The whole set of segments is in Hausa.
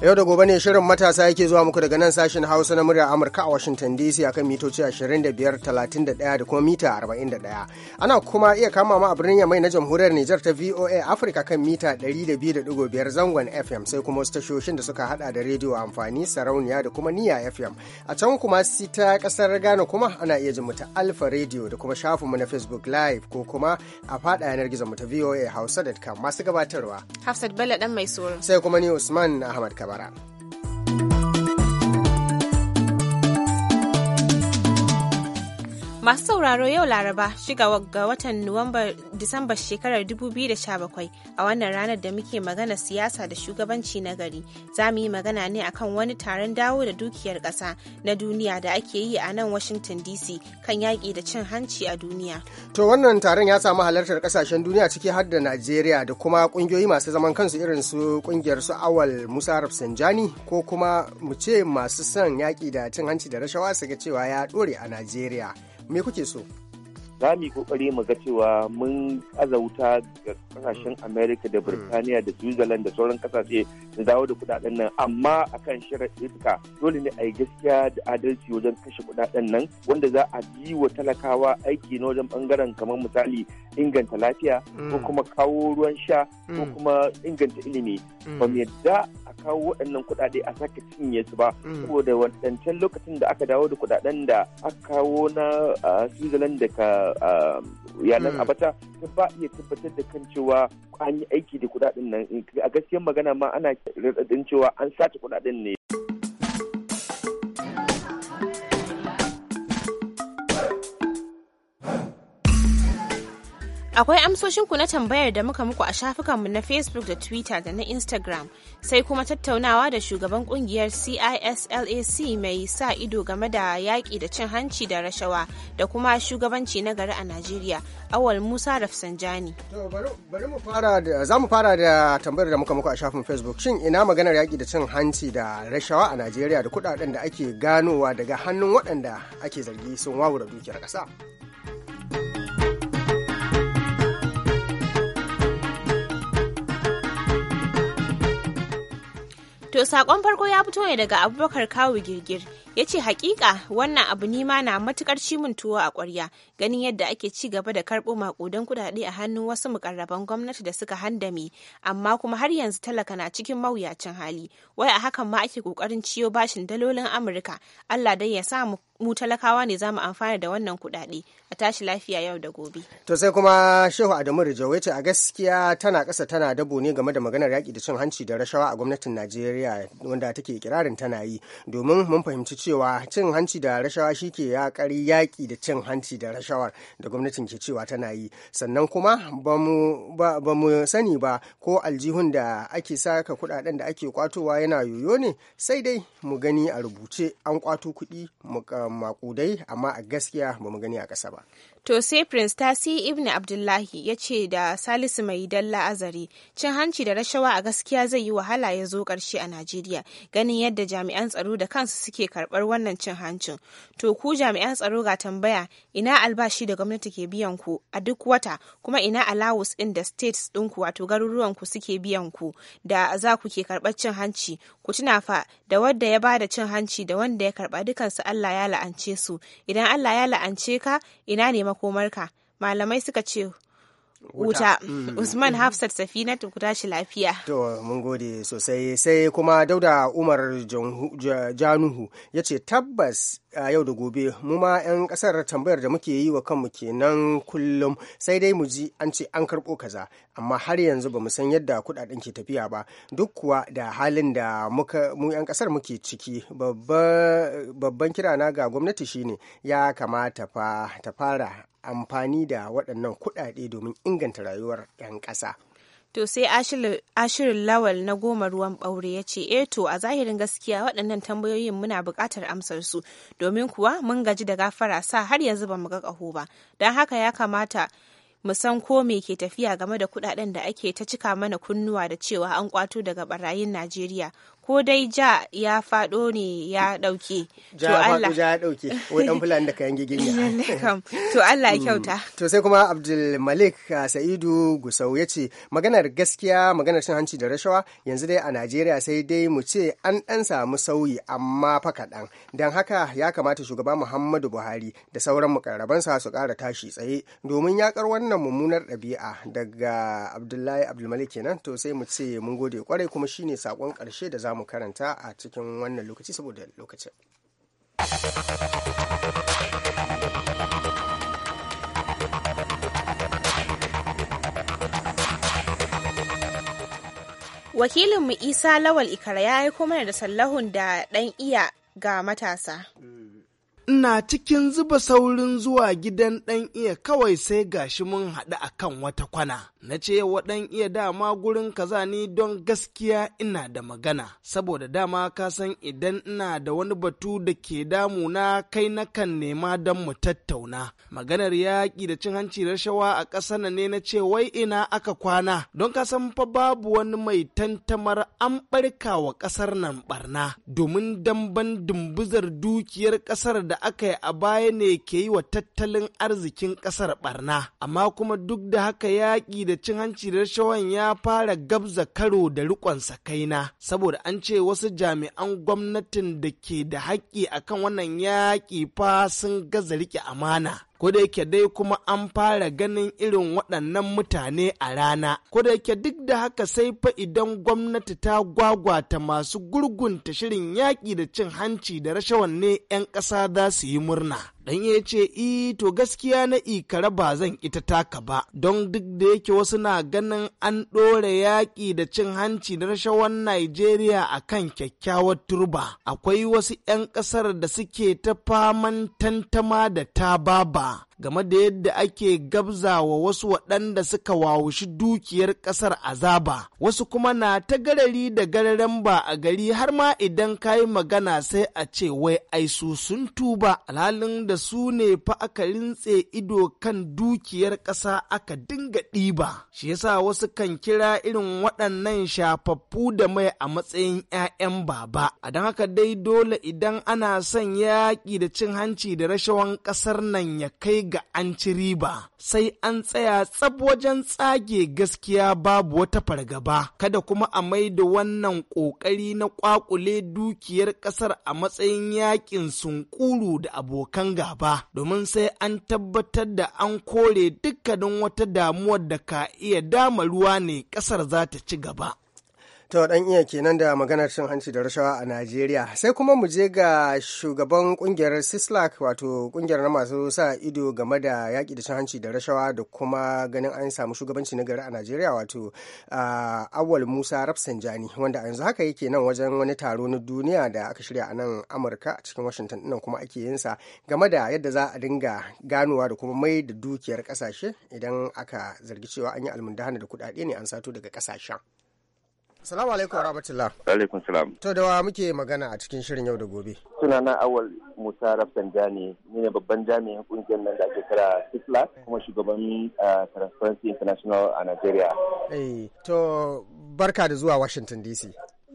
yau da gobe ne shirin matasa yake zuwa muku daga nan sashen hausa na muryar amurka a washington dc akan mitoci 25 da kuma mita 41 ana kuma iya kama ma a birnin yamai na jamhuriyar nijar ta voa africa kan mita 102.5 zangon fm sai kuma wasu tashoshin da suka hada da rediyo amfani sarauniya da kuma niya fm a can kuma sita kasar ghana kuma ana iya jin mu alfa radio da kuma shafinmu na facebook live ko kuma a fada yanar gizo mu voa hausa.com masu gabatarwa hafsat bello dan mai sai kuma ni usman ahmad kam acabará. Masu sauraro yau Laraba shiga ga watan Nuwamba Disamba shekarar 2017 a wannan ranar da muke magana siyasa da shugabanci na gari. Za mu yi magana ne akan wani taron dawo da dukiyar ƙasa na duniya da ake yi a nan Washington DC kan yaƙi da cin hanci a duniya. To wannan taron ya samu halartar ƙasashen duniya ciki har da Najeriya da kuma ƙungiyoyi masu zaman kansu irin su ƙungiyar su Awal Musa Rafsanjani ko kuma mu ce masu son yaƙi da cin hanci da rashawa su ga cewa ya ɗore a Najeriya. me kuke so za mu yi kokari mu ga cewa mun azauta ga kasashen mm. america da mm. birtaniya da switzerland da sauran kasashe da dawo da kudaden nan amma akan shirin iska dole ne a yi gaskiya da adalci wajen kashe kudaden nan wanda za a ji wa talakawa aiki na wajen bangaren kamar misali inganta lafiya ko mm. kuma kawo ruwan sha ko kuma inganta ilimi ba mu yadda a kawo waɗannan kuɗaɗe a sake cinye su ba saboda wancan lokacin da aka dawo da kuɗaɗen da aka kawo na ah, switzerland da ka Um, yanar hmm. abata ta ba iya tabbatar da kan cewa an yi aiki da kudaden nan a gaskiyar magana ma ana rarradin cewa an sace kudaden ne Akwai amsoshinku na tambayar da muka muku a shafukanmu na Facebook da Twitter da na Instagram, sai kuma tattaunawa da shugaban kungiyar CISLAC mai sa ido game da yaƙi da cin hanci da rashawa da kuma shugabanci na gari a Najeriya, Awal Musa Rafsanjani. Za mu fara da tambayar da muka muku a shafin Facebook. Shin ina maganar yaƙi da cin hanci da rashawa a Najeriya da kuɗaɗen da ake ganowa daga hannun waɗanda ake zargi sun wawura dukiyar ƙasa? To sakon farko ya fito ne daga Abubakar Kawu Girgir ya ce hakika wannan abu nima na matukar cimin tuwo a kwarya ganin yadda ake ci gaba da karɓo makudan kudade a hannun wasu mukarraban gwamnati da suka handame amma kuma har yanzu talaka na cikin mawuyacin hali wai a hakan ma ake ƙoƙarin ciyo bashin dalolin Amurka Allah dai ya sa mu mu talakawa ne za mu amfana da wannan kuɗaɗe a tashi lafiya yau da gobe. To sai kuma Shehu Adamu Rijau ya ce a gaskiya tana kasa tana dabo ne game da maganar yaƙi da cin hanci da rashawa a gwamnatin Najeriya wanda take kirarin tana yi domin mun fahimci cewa cin hanci da rashawa shi ke yaƙari yaƙi da cin hanci da rashawar da gwamnatin ke cewa tana yi sannan kuma ba mu sani ba ko aljihun da ake saka kuɗaɗen da ake kwatowa yana yoyo ne sai dai mu gani a rubuce an kwato kuɗi mu makudai amma a gaskiya ba mu gani a ƙasa ba to sai prince tasi ibn abdullahi ya ce da salisu mai dalla azari cin hanci da rashawa a gaskiya zai yi wahala ya zo ƙarshe a najeriya ganin yadda jami'an tsaro da kansu suke karɓar wannan cin hancin to ku jami'an tsaro ga tambaya ina albashi da gwamnati ke biyan ku a duk wata kuma ina alawus in da states ɗinku wato garuruwan ku suke biyan ku da za ku ke karɓar cin hanci ku tuna fa da wadda ya bada cin hanci da wanda ya karɓa dukansu allah ya la'ance su, idan Allah ya la'ance ka, ina ne makomarka? Malamai suka ce, wuta mm. usman hafsat safinat ku tashi lafiya to mun gode sosai sai kuma dauda umar januhu ya ce tabbas a yau da gobe mu ma 'yan kasar tambayar da muke yi wa kanmu kenan kullum sai dai mu ji an ce an karɓo kaza amma har yanzu ba mu san yadda kuɗaɗen ke tafiya ba duk kuwa da halin da mu 'yan kasar muke ciki babban kirana ga gwamnati shine ya kamata fa ta fara amfani da waɗannan kuɗaɗe domin inganta rayuwar 'yan ƙasa. To sai ashirin lawal na goma ruwan ɓaure ya ce, "E to a zahirin gaskiya waɗannan tambayoyin muna buƙatar amsar su, domin kuwa mun gaji da gafara sa har yanzu ba mu ga ƙaho ba, don haka ya kamata mu san ko me ke tafiya game da kuɗaɗen da ake ta cika mana kunnuwa da cewa an kwato daga ɓarayin Najeriya ko dai ja ya faɗo ne ya ɗauke. Ja ya faɗo ja ya ɗauke, wai ɗan fulani da kayan ya. To Allah ya mm. kyauta. To sai kuma abdulmalik ah, Sa'idu Gusau ya ce maganar gaskiya maganar cin hanci da rashawa yanzu dai a Najeriya sai dai mu ce an ɗan samu sauyi amma fa kaɗan. Don haka ya kamata shugaba Muhammadu Buhari da sauran mukarrabansa su ƙara tashi tsaye domin yaƙar wannan mummunar ɗabi'a daga Abdullahi Abdulmalik kenan to sai mu ce mun gode kwarai kuma shine sakon ƙarshe da zamu mu karanta a cikin wannan lokaci saboda lokacin. Wakilinmu Isa Lawal Ikara ya yi kuma da sallahun da ɗan iya ga matasa. Ina cikin zuba saurin zuwa gidan ɗan iya kawai sai gashi mun haɗu akan wata kwana. na ce waɗan iya dama gurin kaza ni don gaskiya ina da magana saboda dama ka san idan ina da wani batu da ke damu na kai na kan nema don mu tattauna maganar yaƙi da cin hanci rashawa a ƙasar ne na ce wai ina aka kwana don ka san fa babu wani mai tantamar an ɓarka wa ƙasar nan ɓarna? domin damban dumbuzar dukiyar ƙasar da aka yi a baya ne ke yi wa tattalin arzikin ƙasar ɓarna. amma kuma duk da haka yaƙi da cin hanci da rashawan ya fara gabza karo da rikon sakaina saboda an ce wasu jami'an gwamnatin da ke da haƙƙi akan wannan yaƙi fa sun gaza rike amana ko da dai kuma an fara ganin irin waɗannan mutane a rana ko da duk da haka sai fa idan gwamnati ta gwagwata masu gurgunta shirin yaƙi da cin hanci da rashawan ne 'yan ƙasa za su yi murna dan ya ce i e, to gaskiya na ikara ba zan ita taka ba don duk da yake wasu na ganin an ɗora yaƙi da cin hanci da rashawan Najeriya a kan kyakkyawar turba akwai wasu 'yan ƙasar da suke ta faman tantama da ta baba Ah. game da yadda ake gabza wa wasu waɗanda suka wawushi dukiyar ƙasar azaba wasu kuma na ta garari da gararen ba a gari har ma idan ka yi magana sai a ce wai ai su sun tuba alhalin da su ne fa aka rintse ido kan dukiyar ƙasa aka dinga ɗiba shi yasa wasu kan kira irin waɗannan shafaffu da mai a matsayin 'ya'yan baba a don haka dai dole idan ana son yaƙi da cin hanci da rashawan ƙasar nan ya kai ga an ci riba sai an tsaya tsab wajen tsage gaskiya babu wata fargaba kada kuma a maida wannan ƙoƙari na ƙwaƙule dukiyar ƙasar a matsayin yakin sunkuru da abokan gaba domin sai an tabbatar da an kore dukkanin wata damuwar da ka iya dama ruwa ne ƙasar za ta ci gaba. To dan iya kenan da maganar cin hanci da rashawa a Najeriya. Sai kuma mu je ga shugaban kungiyar Sislak wato kungiyar na masu sa ido game da yaki da cin hanci da rashawa da kuma ganin an samu shugabanci na gari a Najeriya wato Awal Musa Rafsanjani wanda yanzu haka yake nan wajen wani taro na duniya da aka shirya a nan Amurka a cikin Washington nan kuma ake yin sa game da yadda za a dinga ganowa da kuma mai da dukiyar kasashe idan aka zargi cewa an yi almundahana da kuɗaɗe ne an sato daga kasashen. Salamu alaikum rahmatullah. Alaikum salam. To da wa muke magana a cikin shirin yau da gobe. Sunana Awal Musa Rafsanjani, ni ne babban jami'in kungiyar nan da ake kira Sifla kuma shugaban ah, Transparency International a Nigeria. Eh, to barka da zuwa Washington DC.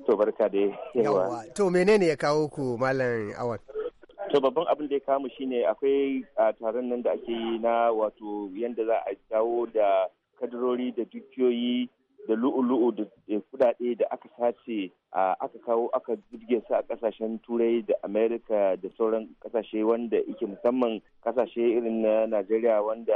To barka da yawa. To menene ya kawo ku Malam Awal? to babban abin da ya kama shine akwai ah, taron nan da ake yi na wato yadda za a dawo da kadarori da dukiyoyi da lu'u-lu'u da kudade da aka sace aka kawo aka jirgin su a kasashen turai da amerika da sauran kasashe wanda ike musamman kasashe irin na najeriya wanda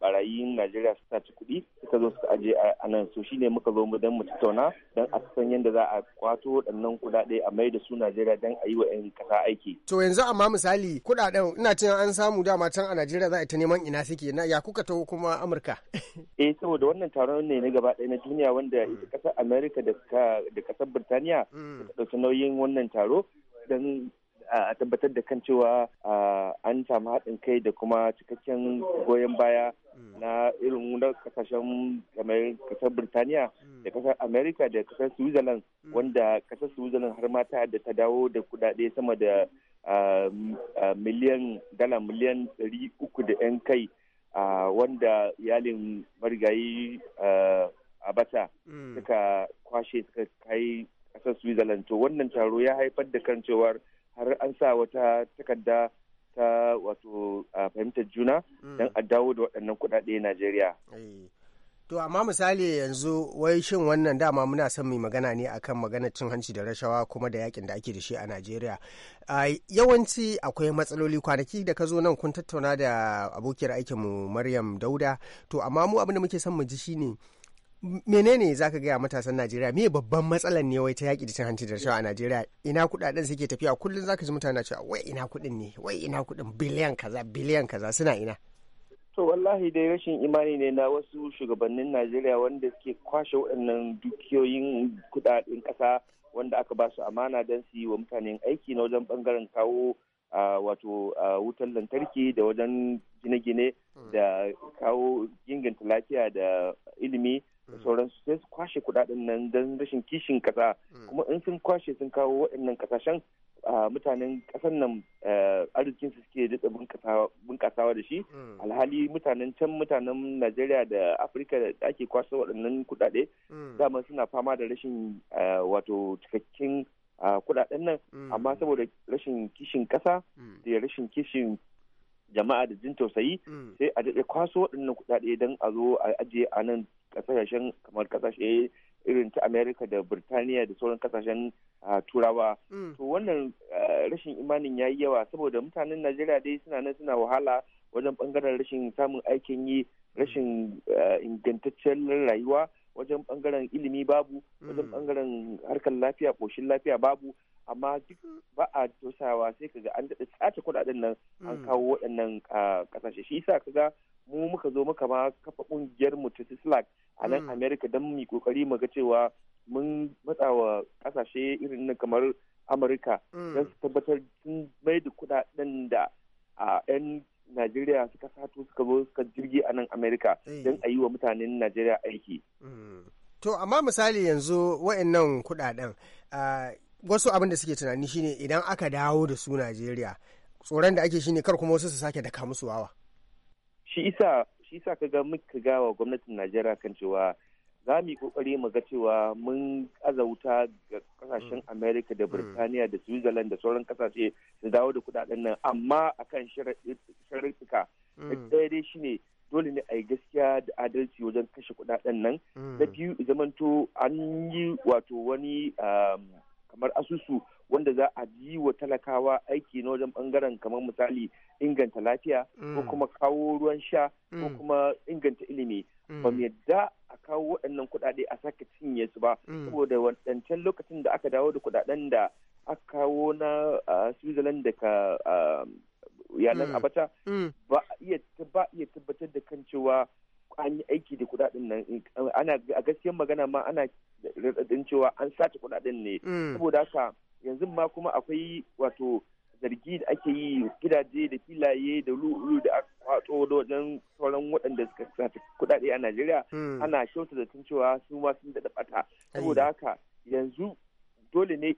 barayin najeriya ta ci kuɗi suka zo suka aje a nan so shine muka zo mu don mu tattauna don a san yadda za a kwato waɗannan kuɗaɗe a mai da su najeriya don a yi wa 'yan kasa aiki. to yanzu amma misali kuɗaɗen ina cewa an samu dama can a najeriya za a ta neman ina suke na ya kuka taho kuma amurka. eh saboda wannan taron ne na gaba ɗaya na duniya wanda ita ƙasar amerika da kasar birtaniya da hmm. ɗauki nauyin wannan taro don a tabbatar da kan cewa an samu haɗin kai da kuma cikakken goyon baya hmm. na irin na kasashen kasar birtaniya hmm. da kasar america da kasar switzerland wanda kasar switzerland har mata da ta dawo da kudade sama da miliyan dala miliyan 300 da 'yan kai wanda iyalin marigayi bata mm. suka kwashe suka kai kasar switzerland to wannan taro ya haifar da kan cewar har an sa wata takarda ta wato fahimtar juna mm. don a dawo da waɗannan kuɗaɗe najeriya eh. To amma misali yanzu wai shin wannan dama muna son mai magana ne akan maganar cin hanci da rashawa kuma da yakin da ake da shi a Najeriya. Yawanci akwai matsaloli kwanaki da ka zo nan kun tattauna da abokiyar aikinmu Maryam Dauda. To amma mu abin da muke son mu ji shine menene za ka gaya matasan najeriya me babban matsalar ne wai ta yaƙi da cin hanci da rashawa a najeriya ina kuɗaɗen suke tafiya kullum za ka ji mutane cewa wai ina kuɗin ne wai ina kuɗin biliyan kaza biliyan kaza suna ina to wallahi dai rashin imani ne na wasu shugabannin najeriya wanda suke kwashe waɗannan dukiyoyin kuɗaɗen kasa wanda aka ba su amana don su yi wa mutane aiki na wajen ɓangaren kawo wato wutar lantarki da wajen gine-gine hmm. da kawo inganta lafiya da ilimi Mm. da sauransu sai su kwashe kudaden nan don rashin kishin kasa mm. kuma in sun kwashe sun kawo waɗannan kasashen mutanen ƙasar nan arzikin su suke daɗa bunƙasawa da shi mm. alhali mutanen can mutanen najeriya da afirka da ake kwashe waɗannan kudade dama suna fama da rashin wato cikakken kudaden nan amma saboda rashin kishin kasa da rashin kishin jama'a da jin tausayi sai a daɗe kwaso waɗannan kudade don a zo a ajiye a nan kasashen kamar kasashe irin ta america da birtaniya da sauran kasashen ah, turawa mm. to wannan ah, rashin imanin ya yi yawa saboda mutanen najeriya dai suna nan suna wahala wajen bangaren rashin samun aikin yi rashin ah, ingantaccen rayuwa wajen bangaren ilimi babu wajen bangaren mm. harkar lafiya koshin lafiya babu amma duk mm. ba a tosawa sai kaga an daɗa sace kuɗaɗen nan an kawo waɗannan ƙasashe shi yasa kaga mu muka zo muka ma kafa kungiyar mu ta a nan mm. america don mu kokari mu ga cewa mun matsa wa kasashe irin na kamar amurka mm. don su tabbatar sun mai da kudaden da a 'yan najeriya suka sato suka zo suka jirgi a nan amerika don a yi wa mutanen najeriya aiki mm. to amma misali yanzu wa'annan kudaden wasu abin da suke tunani shine idan aka dawo da su najeriya tsoron da ake shine kar kuma wasu su sake daka musu wawa shi isa shi isa muka ga wa gwamnatin Najeriya kan cewa za mu yi kokari mu ga cewa mun azauta ga kasashen mm. America da mm. Birtaniya da Switzerland da sauran kasashe su dawo da kudaden nan amma akan sharuɗuka mm. ɗaya dai ne dole ne a yi gaskiya da adalci wajen kashe kudaden nan na biyu zamanto an yi wato wani um, kamar asusu wanda za a yi wa talakawa aiki na wajen bangaren kamar misali inganta lafiya ko mm. kuma kawo ruwan sha ko mm. kuma inganta ilimi mm. ba mu yadda a kawo waɗannan kuɗaɗe a sake cinye su ba saboda wadancan lokacin da aka dawo da kuɗaɗen da aka kawo na switzerland daga yanar abata ba iya tabbatar da kan cewa an yi aiki da kuɗaɗen nan ana a gaskiyar magana ma ana radadin cewa an sace kuɗaɗen ne saboda haka yanzu ma kuma akwai wato zargi da ake yi gidaje da filaye da lulu da aka kwato da wajen sauran waɗanda suka sata kuɗaɗe a Najeriya hmm. ana shauta da tun cewa su ma sun da ɓata saboda haka yanzu dole ne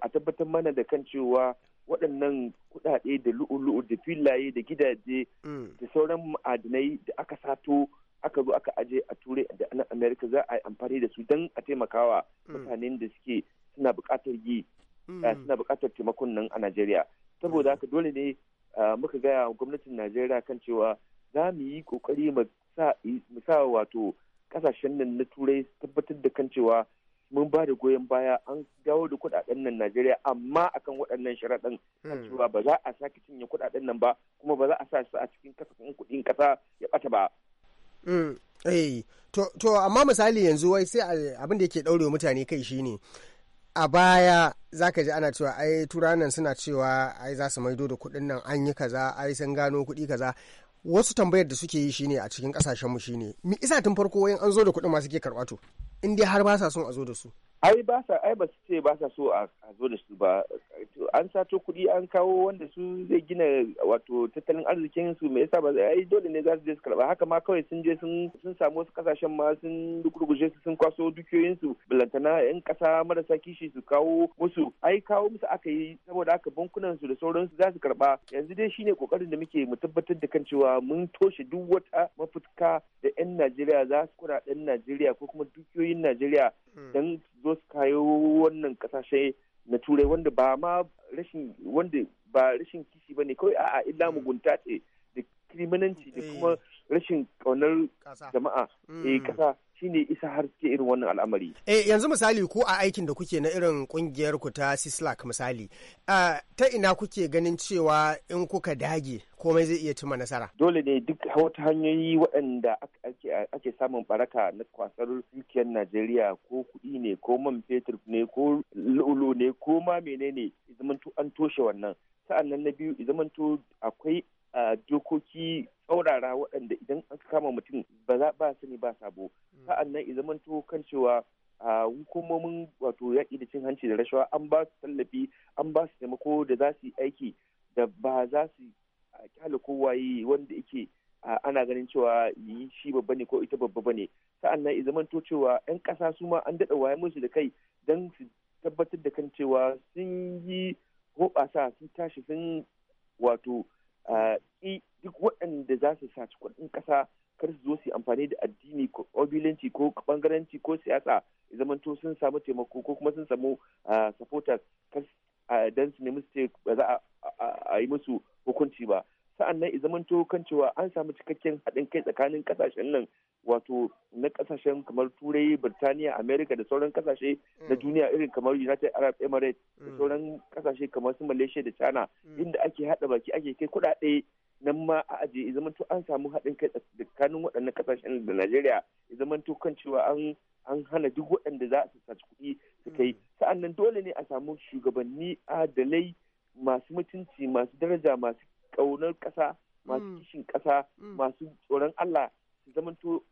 a tabbatar mana da kan cewa waɗannan kuɗaɗe da lu'ulu'u da filaye da gidaje hmm. da sauran ma'adinai da aka sato aka zo aka aje a turai da nan amerika za a yi amfani da su don a taimakawa hmm. mutanen da suke suna bukatar yi Mm. Eh, suna bukatar taimakon nan a Najeriya saboda mm. haka dole ne eh, muka gaya gwamnatin Najeriya kan cewa za mu yi kokari mu sa wato kasashen nan na turai tabbatar da kan cewa mun ba da goyon baya an dawo da kudaden nan Najeriya amma akan waɗannan sharaɗin mm. cewa ba za a sake cinye kudaden nan ba kuma ba za a sa su a cikin kasafin kuɗin ƙasa ya ɓata ba. Eh, to amma misali yanzu wai sai abin da yake ɗaure mutane kai shine a baya zaka ji ana cewa ai turanan suna cewa ai za su maido da kuɗin nan an yi kaza ai sun gano kuɗi kaza wasu tambayar da suke yi shine a cikin kasashen mu shine me isa tun farko wayan an zo da kuɗin ma suke karɓa to in dai har ba sa son a zo da su ai ba sa ai ba su ce ba sa so a zo da su ba an sato kuɗi an kawo wanda su zai gina wato tattalin arzikin su me yasa ba ai dole ne za su je su karba haka ma kawai sun je sun sun samu wasu kasashen ma sun rugurguje su sun kwaso dukiyoyin su bilantana yan kasa marasa kishi su kawo musu ai kawo musu aka yi saboda haka bankunan su da sauran su za su karba yanzu dai shine kokarin da muke mu tabbatar da kan cewa mun toshe duk wata mafutka da yan Najeriya za su kura ɗan Najeriya ko kuma dukiyoyin lauyoyin najeriya hmm. don zo su kayo wannan kasashe na turai wanda ba ma rashin wanda ba rashin kishi ba ne kawai a'a illa hmm. mugunta ce da kiriminanci da eh. kuma rashin ƙaunar jama'a hmm. eh kasa shine isa har suke irin wannan al'amari. Eh yanzu misali ko a aikin da kuke na irin kungiyar ku ta Sislak misali ta ina kuke ganin cewa in kuka dage komai zai iya cimma nasara. Dole ne duk wata hanyoyi waɗanda ake samun baraka na kwasar dukiyar Najeriya ko kuɗi ne ko man fetur ne ko lulu ne ko ma menene zamanto an toshe wannan. Sa'an nan na biyu zamanto akwai dokoki saurara waɗanda idan an kama mutum ba za ba sani ba sabo mm. sa'an nan izaman to kan cewa hukumomin wato yaƙi da cin hanci da rashawa an ba su tallafi an ba su taimako da za su yi aiki da ba za su kyale yi wanda yake ana ganin cewa yi shi babba ne ko ita babba ba ne sa'an nan izaman to cewa 'yan ƙasa su ma an daɗa waye musu da kai don su tabbatar da kan cewa sun yi hoɓasa sun tashi sun wato yaƙi duk waɗanda za su saci kuɗin ƙasa kar su zo su amfani da addini ko ƙabilanci ko bangaranci ko siyasa zamanto sun samu taimako ko kuma sun samu supporters don su nemi su ba za a yi musu hukunci ba sa'annan i zamanto kan cewa an samu cikakken haɗin kai tsakanin ƙasashen nan wato na ƙasashen kamar turai birtaniya america da sauran ƙasashe na mm. duniya irin kamar united arab emirates da mm. sauran ƙasashe kamar su malaysia da china mm. inda ake haɗa baki ake kai kuɗaɗe nan ma a ajiye ya zamanto an samu haɗin kai tsakanin waɗannan ƙasashen da Najeriya ya to kan cewa an hana duk waɗanda za su saci kuɗi su kai mm. sa'annan dole ne a samu shugabanni adalai masu mutunci masu daraja masu ƙaunar ƙasa masu mm. kishin ƙasa mm. masu tsoron Allah su zamanto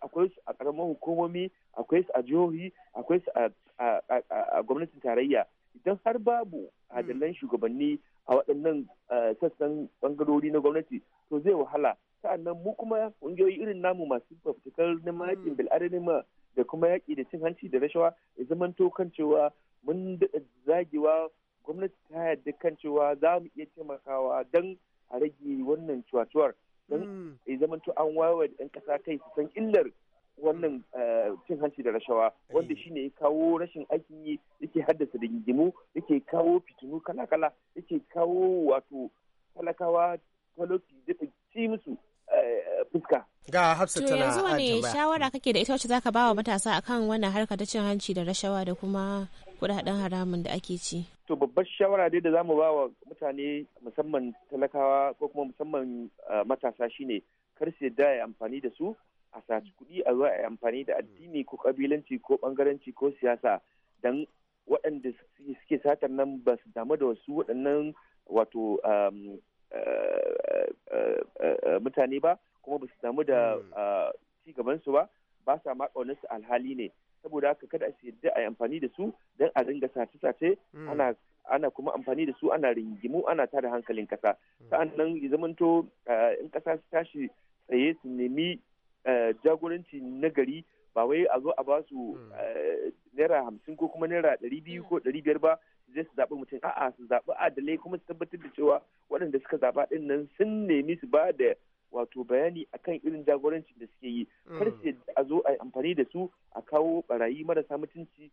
akwai su a ƙaramar hukumomi akwai su a jihohi akwai su a gwamnatin tarayya idan har babu adalan shugabanni a waɗannan eh, sassan bangarori na gwamnati to zai wahala sa'annan mu kuma ƙungiyoyi irin namu masu fafutukar neman yaƙin hmm. bil'adama da kuma yaƙi da cin hanci da rashawa ya zaman to kan cewa mun daɗa zagewa gwamnati ta yarda kan cewa za mu iya taimakawa don a rage wannan cuwacuwar don hmm. ya an wayewa da 'yan ƙasa kai su san illar wannan eh, cin hanci da rashawa wanda eh. shine ya kawo rashin aiki yake haddasa rigingimu yake kawo fitinu kala-kala yake kawo wato talakawa talofi da ci musu eh, fuska. Ga hafsa tana yanzu wane shawara kake da ita wacce zaka bawa matasa akan wannan harka ta cin hanci da rashawa da kuma kudaden haramun da ake ci? To babbar shawara dai da zamu ba wa mutane musamman talakawa ko kuma musamman matasa shine kar su yadda ya amfani da su a saci kuɗi a zuwa a amfani da addini ko kabilanci ko bangaranci ko siyasa don waɗanda suke satar nan ba su damu da wasu waɗannan wato um, uh, uh, uh, mutane ba kuma ba su damu da hmm. ci gabansu ba ba sa ma su alhali ne saboda haka kada su yadda a yi amfani da su don a dinga sace-sace hmm. ana ana kuma amfani da su ana ringimu ana tada hankalin kasa hmm. sa'an nan ya zamanto in kasa su tashi tsaye su nemi Eh, jagoranci na gari ba wai a zo a ba su hmm. eh, naira hamsin ko kuma naira ɗari biyu ko ɗari biyar ba zai su zaɓi mutum a'a su zaɓi adalai kuma su tabbatar da cewa waɗanda suka zaɓa ɗin nan sun nemi su ba da wato bayani akan irin jagorancin da suke yi hmm. kar su a zo a amfani da su a kawo barayi marasa mutunci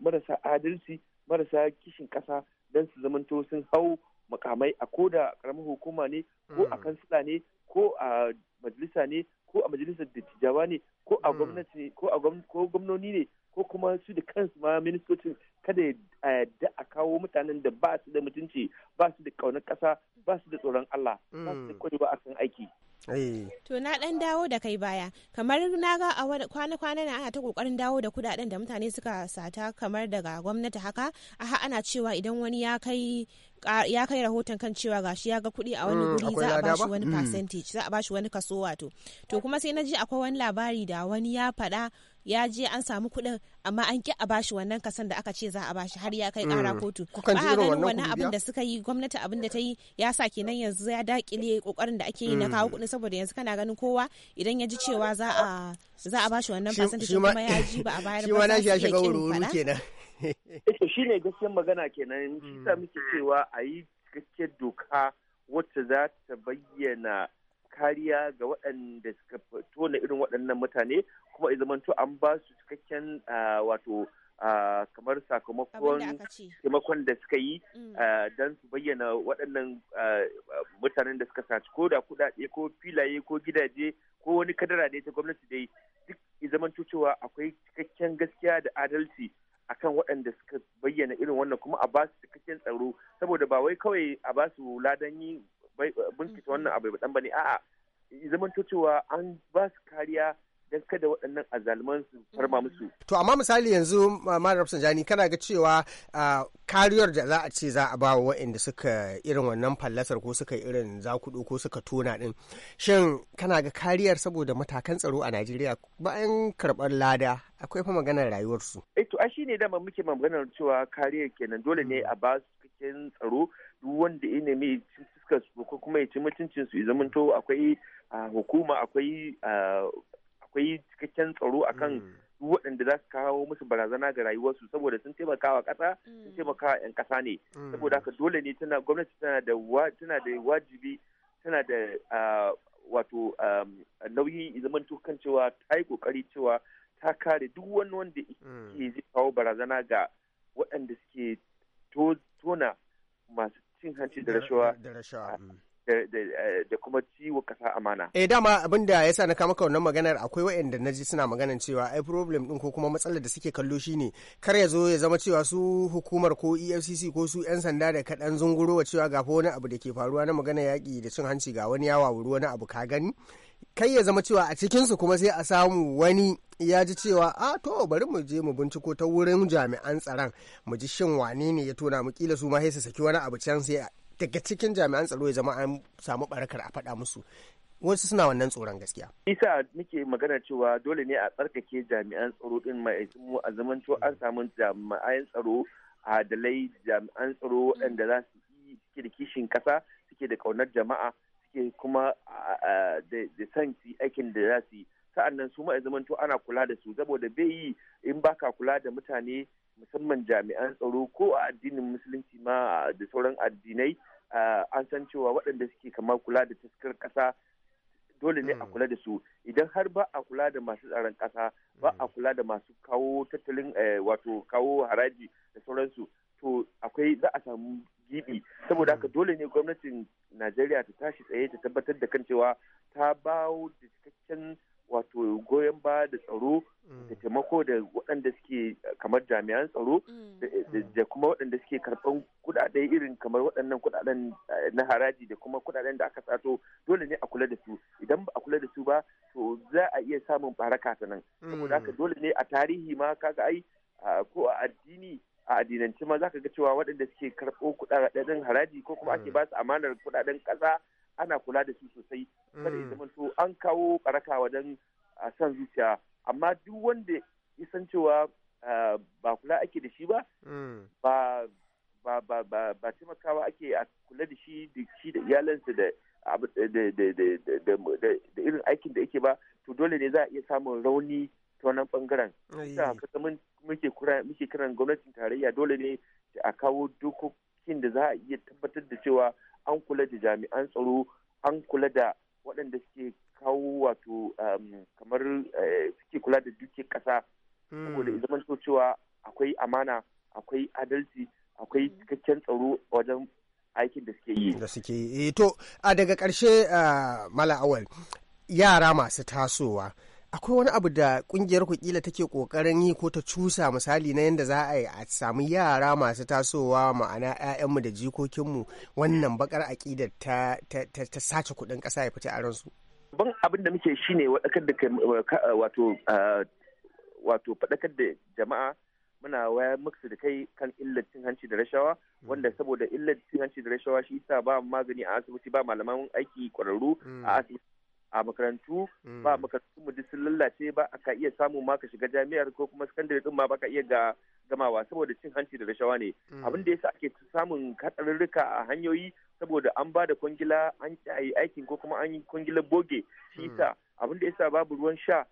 marasa adalci marasa kishin ƙasa don su zamanto sun hau makamai a koda da hukuma ne ko a hmm. kansila ne ko a majalisa ne a majalisar dattijawa ne ko a hmm. gwamnati ko a ko gwamnoni ne ko kuma su da kansu ma ministocin kada a yadda a kawo mutanen da ba su da mutunci ba su da kaunar kasa ba su da tsoron Allah ba su da hmm. kwarewa akan aiki. Eh. To na dan dawo da kai baya kamar na ga a kwana-kwana na ana ta kokarin dawo da kudaden da mutane suka sata kamar daga gwamnati haka aha ana cewa idan wani ya kai ya kai rahoton kan cewa gashi ya ga kuɗi a wani mm, guri za a bashi wani mm. percentage za a bashi wani kaso wato to kuma sai na ji akwai wani labari da wani ya faɗa ya je an samu kuɗin amma an ki a bashi wannan kasan da aka ce za a bashi har ya kai mm. ƙara kotu ba a ganin wannan abin da suka yi gwamnati abin da ta yi ya sa kenan yanzu ya dakile kokarin da ake yi na kawo kuɗin saboda yanzu kana ganin kowa idan ya ji cewa za a za a bashi wannan percentage kuma ya ji ba a bayar ba shi ma ya shiga wuri kenan ita eh, shi ne gaskiyar magana kenan shi sa mm. muke cewa a yi cikakkiyar doka wacce za ta bayyana kariya ga waɗanda suka tona irin waɗannan mutane kuma a zamanto an ba su cikakken wato kamar sakamakon taimakon da suka yi mm. don su bayyana waɗannan mutanen da suka saci ko da kuɗaɗe ko filaye ko gidaje ko wani kadara da ta gwamnati dai duk ya zamanto cewa akwai cikakken gaskiya da adalci akan waɗanda suka bayyana irin wannan kuma a basu cikakken tsaro saboda ba wai kawai a basu ladan yi bincike wannan mm-hmm. abu ba bane a'a zaman cewa an basu kariya don kada waɗannan azalman su farma musu. To amma misali yanzu Malam Jani kana ga cewa kariyar da za a ce za a ba wa waɗanda suka irin wannan fallasar ko suka irin zakudu ko suka tona din shin kana ga kariyar saboda matakan tsaro a Najeriya bayan karɓar lada akwai fa maganar rayuwarsu. Eh to shi ne dama muke maganar cewa kariyar kenan dole ne a ba su cikin tsaro duk wanda ya nemi fuskar su ko kuma ya ci mutuncin su ya to akwai hukuma akwai akwai cikakken tsaro akan mm. waɗanda za su kawo musu barazana ga rayuwarsu saboda sun taimaka wa ƙasa sun mm. taimaka wa 'yan ƙasa ne mm. saboda haka dole ne tana gwamnati tana da tana da wajibi tana da wato nauyi zaman kan cewa ta yi ƙoƙari cewa ta kare duk wani wanda ke zai kawo barazana ga waɗanda suke tona masu cin hanci da rashawa Eh, da kuma ciwo kasa amana. Eh dama abin da ya sa na kama wannan maganar akwai waɗanda na ji suna maganar cewa ai problem din ko kuma matsalar da suke kallo shi ne. kar ya zo ya zama cewa su hukumar ko EFCC ko su 'yan sanda da kaɗan wa cewa ga wani abu da ke faruwa na magana yaƙi da cin hanci ga wani yawa wuri wani abu ka gani. kai ya zama cewa a cikinsu kuma sai a samu wani ya ji cewa a ah, to bari mu je mu binciko ta wurin jami'an tsaron mu ji shin wane ne ya tona mu kila su ma sai su saki wani abu can sai daga cikin jami'an tsaro ya zama an samu barakar a faɗa musu wasu suna wannan tsoron gaskiya. Isa muke magana cewa dole ne a tsarkake jami'an tsaro din mai mu a to an samu jami'an tsaro a dalai jami'an tsaro waɗanda za su yi da kishin ƙasa suke da ƙaunar jama'a suke kuma da san su aikin da za su yi sa'annan su ma ana kula da su saboda bai yi in baka kula da mutane musamman jami'an tsaro ko a addinin musulunci ma da sauran addinai an san cewa waɗanda suke kama kula da taskar ƙasa dole ne a hmm. kula da su idan har ba a kula da masu tsaron ƙasa ba a hmm. kula da masu kawo tattalin eh, wato kawo haraji da sauransu to akwai za a samu gibi saboda haka hmm. dole ne gwamnatin najeriya ta tashi tsaye ta tabbatar da kan cewa ta bawo da cikakken wato goyon baya da tsaro da mm. taimako da waɗanda suke kamar jami'an tsaro mm. Mm. da kuma waɗanda suke karɓan kuɗaɗe irin kamar waɗannan kuɗaɗen eh, na haraji da kuma kuɗaɗen da aka tsato dole ne a kula da su idan ba a kula da su ba to za a iya samun baraka ta nan saboda haka dole ne a tarihi ma kaga ai ko a addini a addinance ma ka ga cewa waɗanda suke karɓo kuɗaɗen haraji ko kuma ake ba su amanar kuɗaɗen ƙasa ana kula da su sosai kada ya mm. zamanto an kawo baraka wajen san zuciya amma duk wanda ya san cewa ba kula ake da shi mm. ba ba ba ba ba taimakawa ake a kula da shi da shi da iyalansa da da irin aikin da yake ba to dole ne za a iya samun rauni ta wannan bangaren da kasa muke muke kiran gwamnatin tarayya dole ne a kawo dokokin da za a iya tabbatar da cewa an kula da jami'an tsaro an kula da waɗanda suke kawo wato um, kamar eh, suke kula da duke ƙasa hmm. saboda zaman zama cewa akwai amana akwai adalci akwai hmm. cikakken tsaro wajen aikin da suke yi da suke yi eh, to a daga ƙarshe ah, mala awal yara masu tasowa akwai wani abu da kungiyar ku kila take kokarin yi ko ta cusa misali na yadda za a yi a samu yara masu tasowa ma'ana 'ya'yanmu da jikokinmu wannan bakar aƙidar ta, ta, sace kuɗin ƙasa ya fita a ransu. Ban abin da muke shine waɗakar da wato wato faɗakar da jama'a muna waya musu da kai kan illar cin hanci da rashawa wanda saboda illar cin hanci da rashawa shi yasa ba magani a asibiti ba malaman aiki kwararru a mm. asibiti a makarantu mm. ba makarantu mu sun lallace ba aka iya samun ma ka shiga jami'ar ko kuma sakandare din ma ba ka iya ga gamawa saboda cin hanci da rashawa ne mm. abin da yasa ake samun katsarurruka a hanyoyi saboda an ba da kwangila an yi aikin ko kuma an yi kwangilar boge shi yasa mm. abin da yasa babu ruwan sha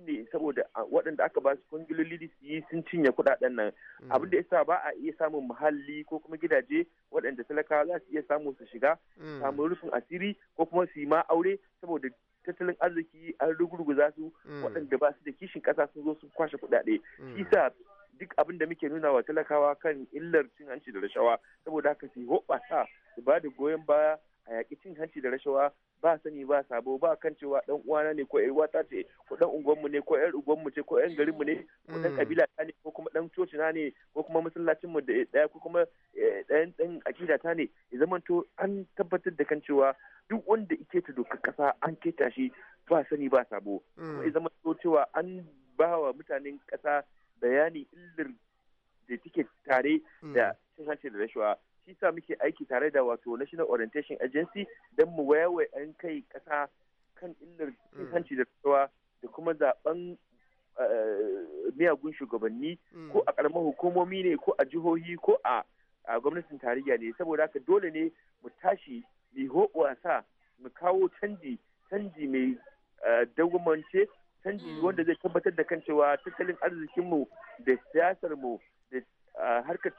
ne saboda waɗanda aka ba su kwangiloli su yi sun cinye kuɗaɗen nan mm. abin da yasa ba a iya samun muhalli ko kuma gidaje waɗanda talakawa za su iya samu su shiga mm. samun rufin asiri ko kuma su yi ma aure saboda tattalin arziki an rugurguza su mm. waɗanda ba su da kishin ƙasa sun zo sun kwashe kuɗaɗe shi sa duk abin da muke nuna wa talakawa kan illar cin hanci da rashawa saboda haka su hoɓasa su ba da goyon baya a yaƙi cin hanci da rashawa ba sani ba sabo ba kan cewa dan uwana ne ko yar ta ce ko dan unguwanmu ne ko yar unguwanmu ce ko yan garinmu ne ko dan kabila mm. ta ne ko kuma dan coci na ne ko kuma masallacin mu da daya ko kuma dan eh, dan akida ta ne ya zaman to an tabbatar da kan cewa duk wanda ike ta dokar kasa an keta shi ba sani ba sabo ya mm. zaman to cewa an ba wa mutanen kasa bayani illar da take tare mm. da cin hanci da rashawa shi muke aiki tare da wato national orientation agency don mu wayawa 'yan kai kasa kan illar cin mm. hanci da rawa da kuma zaben eh, miyagun shugabanni mm. ko a karamar hukumomi ne ko a jihohi ko a gwamnatin tarayya ne saboda haka dole ne mu tashi mu wasa mu kawo canji canji mai eh, dagumance canji mm. wanda zai tabbatar da kan cewa tattalin arzikinmu da siyasarmu da harkar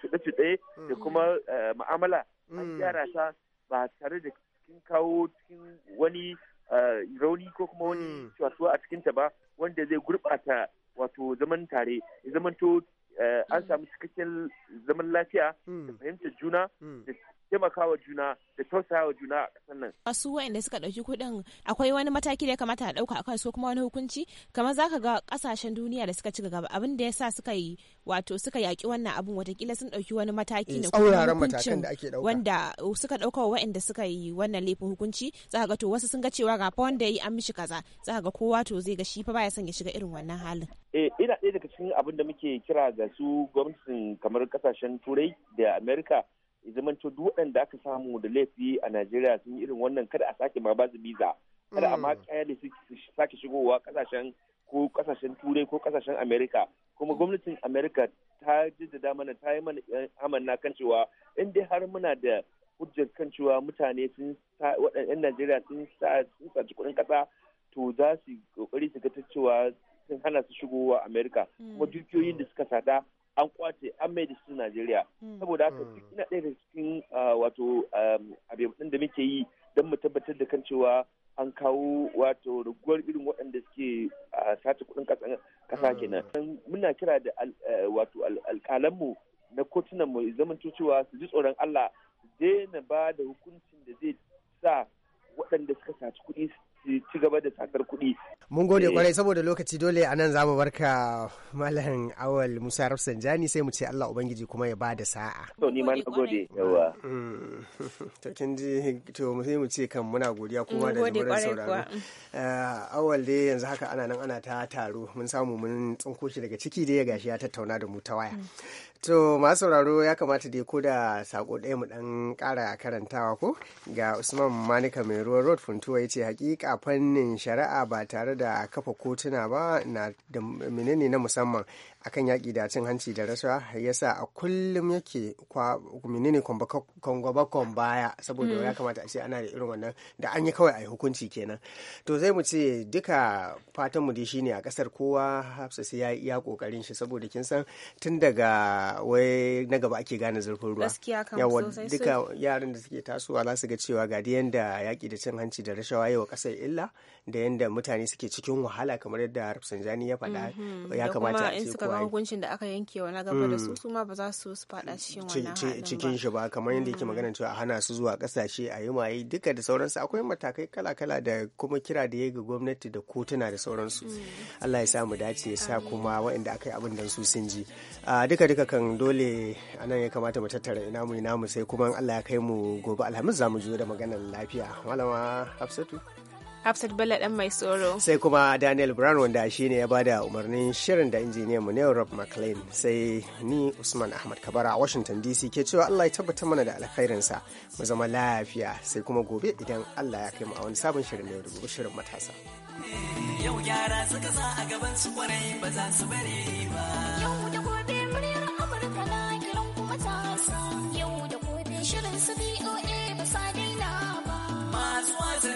cuɗe-cuɗe da mm. kuma eh, ma'amala an mm. gyara ta ba tare da cikin kawo cikin wani eh, rauni ko kuma wani mm. cuwatuwa a cikinta ba wanda zai gurɓata wato zaman tare zamanto eh, an samu cikakken zaman lafiya da fahimtar juna da taimakawa juna da tausayawa juna a ƙasar nan. A su waɗanda suka ɗauki kuɗin akwai wani mataki da ya kamata a ɗauka a su kuma wani hukunci kamar za ka ga ƙasashen duniya da suka ci gaba abin da ya sa suka yi wato suka yaƙi wannan abin watakila sun ɗauki wani mataki eh, na hukuncin wanda suka ɗauka wa waɗanda suka yi wannan laifin hukunci za ka ga to wasu sun ga cewa ga fa wanda ya yi an mishi kaza za ka ga kowa to zai ga shi fa baya son ya shiga irin wannan halin. Eh ina ɗaya daga cikin abin da muke kira ga su gwamnatin kamar ƙasashen turai da Amerika ya zamanto duk waɗanda aka samu da laifi a Najeriya sun yi irin wannan kada a sake ma ba su biza kada a ma da mm. su sake shigowa kasashen ko kasashen turai ko kasashen Amerika kuma mm. gwamnatin Amerika ta jaddada mana ta yi mana eh, amanna kan cewa in dai har muna da hujjar kan cewa mutane sun sa waɗannan Najeriya sun saci kuɗin ƙasa to za su kokari su ga ta cewa sun hana su shigowa Amerika kuma mm. dukiyoyin da suka sada an kwace an mai da su Najeriya hmm. saboda haka hmm. duk ina ɗaya daga cikin ah, wato ah, abin da muke yi don mu tabbatar da kan cewa an kawo wato raguwar irin waɗanda suke ah, sace kuɗin ƙasa hmm. kenan muna kira da eh, wato alƙalanmu na kotunan mu zaman cewa su ji tsoron Allah daina ba da hukuncin da zai sa waɗanda suka saci kuɗi su ci gaba da sakar kuɗi. Mun gode eh. kwarai saboda lokaci dole a nan zamu barka Malam Awal Musa Rafsanjani sai mu ce Allah Ubangiji kuma ya ba da sa'a. To ni ma na gode. Yawa. Mm. To kin ji to sai mu ce kan muna godiya kuma da lura sauraro. Eh, Awal dai yanzu haka ana nan ana ta taro mun samu mun tsinko shi daga ciki da ya gashi ya tattauna da mu ta waya. Mm. To masu sauraro ya kamata dai ko da sako ɗaya mu ɗan ƙara karantawa ko ga Usman Manika mai ruwan road funtuwa ya ce hakika fannin shari'a ba tare da kafa kotuna ba na da menene na musamman akan yaƙi da cin hanci da rashawa yasa a kullum yake kwa menene kwamba baya saboda hmm. ya kamata a ce ana da irin wannan da an yi kawai a yi hukunci kenan to zai mu ce duka fatan mu dai shine a kasar kowa hafsa sai ya iya kokarin shi saboda kin san tun daga wai na gaba ake gane zurfin ruwa yawa duka yaran da suke tasowa za su ga cewa ga da yanda yaƙi da cin hanci da rashawa wa kasar illa da yanda mutane suke cikin wahala kamar yadda Rafsanjani ya faɗa mm-hmm. ya kamata a ce kuwa. kuma hukuncin da aka yanke wa na gaba da su mm. su ma ba za su su fada cikin wannan cikin shi ba kamar yadda yake mm. magana cewa hana su zuwa kasashe a yi maye duka da sauransu akwai matakai kala-kala da kuma kira da ya ga gwamnati da kotuna da sauransu mm. Allah ya sa mu dace ya sa kuma waɗanda aka yi abin da su sun ji duka duka kan dole anan ya kamata mu tattara ina mu ina mu sai kuma Allah ya kai mu gobe alhamis za mu da maganar lafiya malama Hafsatu Hafsat Bello dan mai tsoro. Sai kuma Daniel Brown wanda shi ne ya bada umarnin shirin da injiniyan mu Neil Rob McLean. Sai ni Usman Ahmad Kabara a Washington DC ke cewa Allah ya tabbata mana da alkhairinsa. Mu zama lafiya sai kuma gobe idan Allah ya kai mu a wani sabon shirin yau da gobe shirin matasa. Yau yara suka sa a gaban su kwarai ba za su bari ba. Yau da gobe muryar Amurka na kiran ku matasa. Yau da gobe shirin su BOA ba sa daina ba. Masu wasan